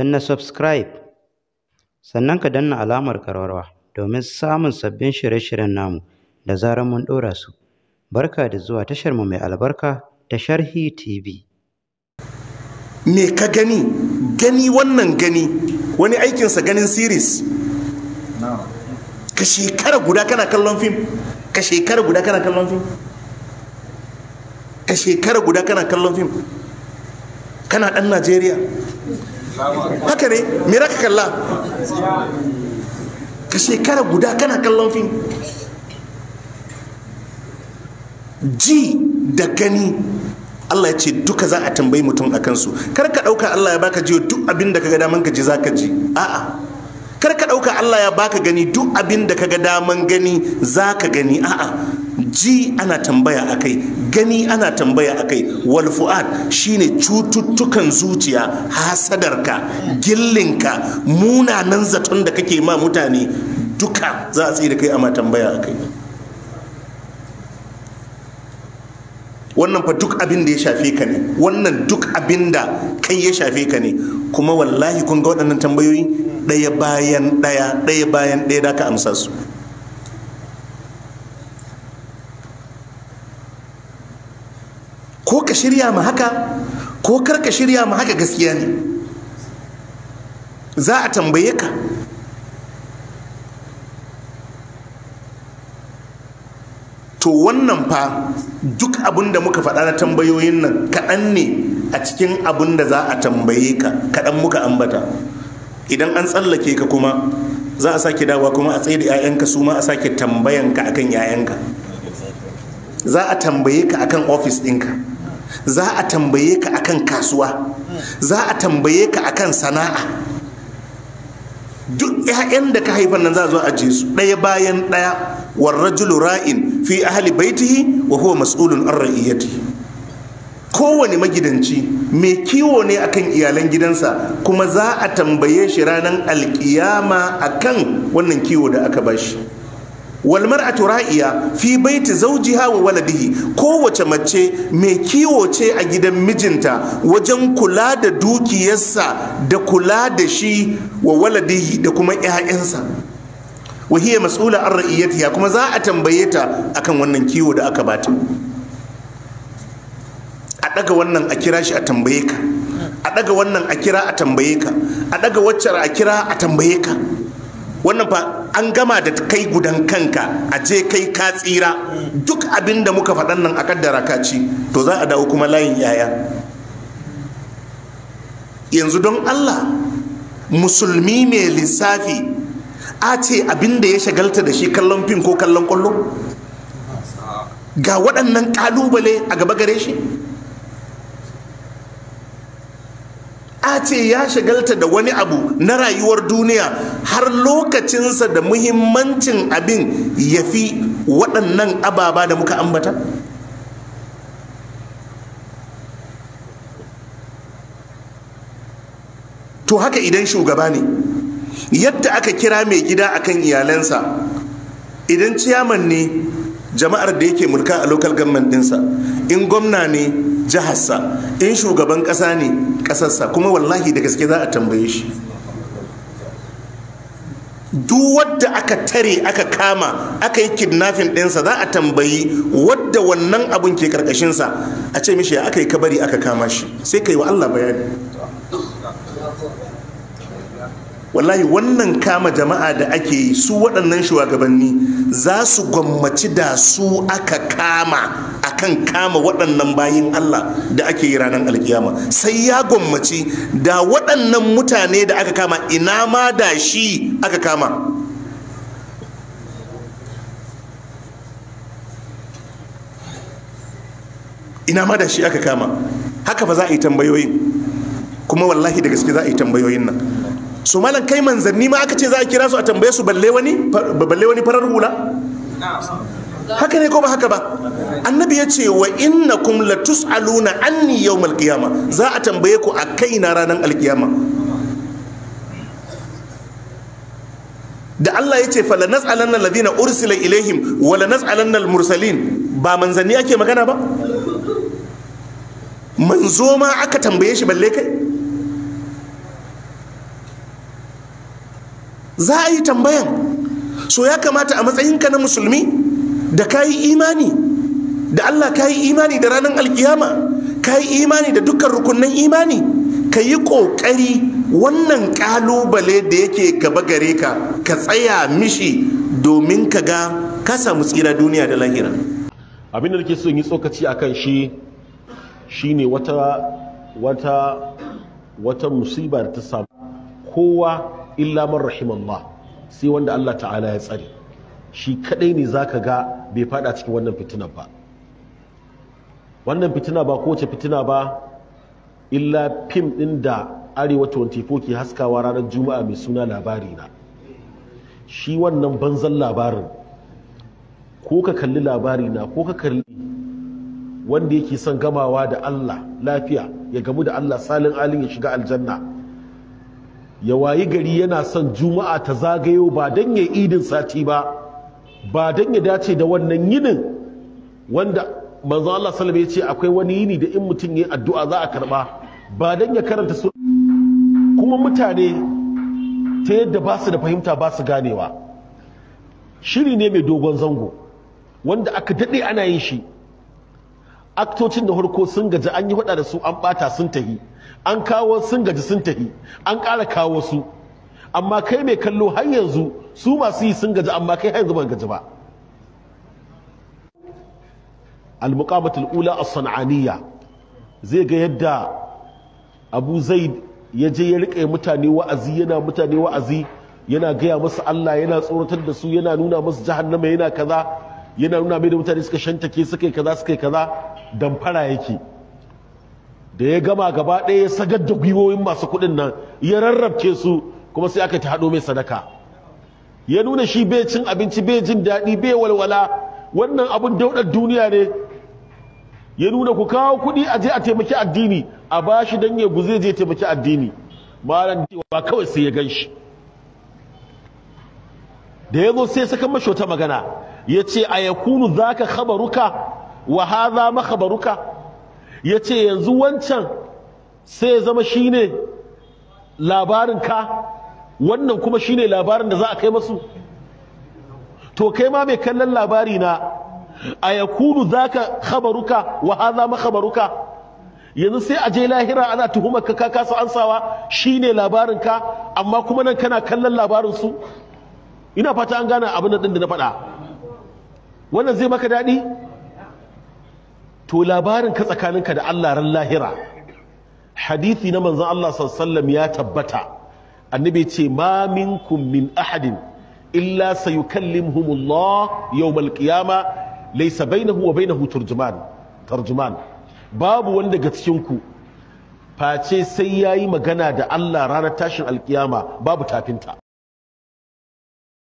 na subscribe sannan ka danna alamar karwarwa domin samun sabbin shirye-shiryen namu da zarar mun ɗora su barka da zuwa tashar mu mai albarka ta sharhi tv me ka gani gani wannan gani wani aikinsa ganin series ka shekara guda kana kallon fim ka shekara guda kana kallon fim ka shekara guda kana kallon fim kana ɗan najeriya haka ne me raka kalla ka shekara guda kana kallon fim ji da gani Allah ya ce duka za a tambayi mutum a kansu kar ka ɗauka Allah ya baka jiyo duk abin da kaga daman za ka ji a'a kar ka ɗauka Allah ya baka gani duk abin da kaga daman gani za ka gani a'a ji ana tambaya akai gani ana tambaya akai walfu'ad fu'ad shine cututtukan zuciya hasadarka gillinka munanan zaton da kake ma mutane duka za a tsira kai ama tambaya akai wannan fa duk abin da ya shafe ka ne wannan duk abin da kai ya shafe ka ne kuma wallahi kun ga waɗannan tambayoyi ɗaya bayan ɗaya ɗaya bayan ɗaya da ka amsa su ka shirya ma haka ko kar ka shirya ma haka gaskiya ne za a tambaye ka to wannan fa duk abin da muka faɗa na tambayoyin nan kaɗan ne a cikin abin da za a tambaye ka kaɗan muka ambata idan an tsallake ka kuma za a sake dawa kuma a tsaye da 'ya'yanka su ma a sake tambayanka akan 'ya'yanka za a tambaye ka akan ofis ɗinka za a tambaye ka akan kasuwa za a tambaye ka akan sana'a duk 'ya'yan da ka haifan nan za a zo a su ɗaya bayan ɗaya warrajulu ra'in fi ahli baitihi wa huwa mas'ulun an ra'iyatihi kowane magidanci mai kiwo ne akan iyalan gidansa kuma za a tambaye shi ranar alkiyama akan wannan kiwo da aka bashi shi Walmar a ra'iya fi baiti zauji wa waladihi kowace mace mai kiwo ce a gidan mijinta wajen kula da dukiyarsa da kula da shi wa waladihi da kuma 'ya'yansa wahiyar matsula mas'ula an ya kuma za a tambaye ta akan wannan kiwo da aka bata a daga wannan a kira shi a tambaye ka a daga wannan a kira a tambaye ka a daga waccar a kira a tambaye ka wannan fa an gama da kai gudan kanka a je kai ka tsira duk abin da muka faɗan nan a kaddara ka ci to za a dawo kuma layin yaya yanzu don allah musulmi mai lissafi a ce abin da ya shagalta da shi kallon fim ko kallon kwallo ga waɗannan ƙalubale a gaba gare shi a ce ya shagalta da wani abu na rayuwar duniya har lokacinsa da muhimmancin abin ya fi waɗannan ababa da muka ambata to haka idan shugaba ne yadda aka kira mai gida akan iyalansa idan ciyaman ne jama'ar da yake mulka a lokal government dinsa in gwamna ne jiharsa in shugaban kasa ne kasarsa kuma wallahi da gaske za a tambaye shi duk wadda aka tare aka kama aka yi kidnafin dinsa za a tambayi wadda wannan abun ke karkashinsa a ce mishi ya aka yi kabari aka kama shi sai ka yi wa allah bayani wallahi wannan kama jama'a da ake yi su waɗannan shugabanni za su gwammaci da su aka kama akan kama waɗannan bayin Allah da ake yi ranar alkiyama sai ya gwammaci da waɗannan mutane da aka kama ina ma da shi aka kama ina ma da shi aka kama haka fa za a yi tambayoyin kuma wallahi da gaske za a yi tambayoyin nan Su malam kai manzanni ma aka ce za a kira su a tambaye su balle wani farar hula haka ne ko ba haka ba annabi ya ce wa inna innakum latus'aluna anni yau qiyama za a tambaye ku a kai na ranar alkiyama da Allah ya ce fala nas'alanna alladhina ursila ilaihim wala nas'alanna almursalin ba manzanni ake magana ba manzo ma aka tambaye shi balle kai za a yi tambayan so ya kamata a matsayinka na musulmi da ka yi imani da allah ka yi imani da ranar alkiyama ka yi imani da dukkan rukunin imani ka yi ƙoƙari wannan ƙalubale da yake gaba gare ka ka tsaya mishi domin ka ga ka samu tsira duniya da lahira abinda da ke son yi tsokaci a kan shi shine wata wata wata musiba ta samu kowa illa man rahimallah sai wanda Allah ta'ala ya tsare shi kadai ne zaka ga bai fada cikin wannan fitina ba wannan fitina ba kowace fitina ba illa fim din da arewa 24 ke haskawa ranar juma'a mai suna labari na shi wannan banzan labarin ko ka kalli labari na ko ka kalli wanda yake son gamawa da Allah lafiya ya gamu da Allah salin alin ya shiga aljanna ya wayi gari yana son juma'a ta zagayo ba don ya idin sati ba ba don ya dace da wannan yinin wanda manzo Allah sallallahu ya ce akwai wani yini da in mutum ya addu'a za a karba ba don ya karanta su kuma mutane ta yadda ba su da fahimta ba su ganewa shiri ne mai dogon zango wanda aka dade ana yin shi aktocin da harko sun gaji an yi hada da su an bata sun tahi an kawo sun gaji sun tahi an kara kawo su amma kai mai kallo har yanzu su masu yi sun gaji amma kai har yanzu ban gaji ba al-muqamatul ula as-san'aniyya zai ga yadda Abu Zaid ya je ya rike mutane wa'azi yana mutane wa'azi yana gaya masu Allah yana tsoratar da su yana nuna masu jahannama yana kaza yana nuna mai da mutane suka ke suka yi kaza suka yi kaza damfara yake da ya gama gaba ɗaya ya sagar da gwiwoyin masu kuɗin nan ya rarrabce su kuma sai aka ta haɗo mai sadaka ya nuna shi bai cin abinci bai jin daɗi bai walwala wannan abin daudar duniya ne ya nuna ku kawo kuɗi a je a taimaki addini a ba shi don ya guze je taimaki addini malam cewa kawai sai ya gan shi da ya zo sai saka mashi wata magana yace a yakunu zaka khabaruka wa hadha makhbaruka yace yanzu wancan sai zama shine labarin ka wannan kuma shine labarin da za a kai masu to kai ma mai kallon labari na a yakunu zaka khabaruka wa hadha makhbaruka yanzu sai a je lahira ana tuhumar ka kasu ansawa shine labarin ka amma kuma nan kana kallon labarin su ina fata an gane abin da na faɗa wannan zai maka daɗi to labarin ka tsakaninka da Allah ran lahira hadithi na manzon Allah sallallahu ya tabbata annabi ce ma minkum min ahadin illa sayukallimuhumullah yawmal qiyama laysa bainahu wa bainahu turjuman tarjuman babu wanda daga cikin ku face sai yayi magana da Allah ranar tashin alkiyama babu tafinta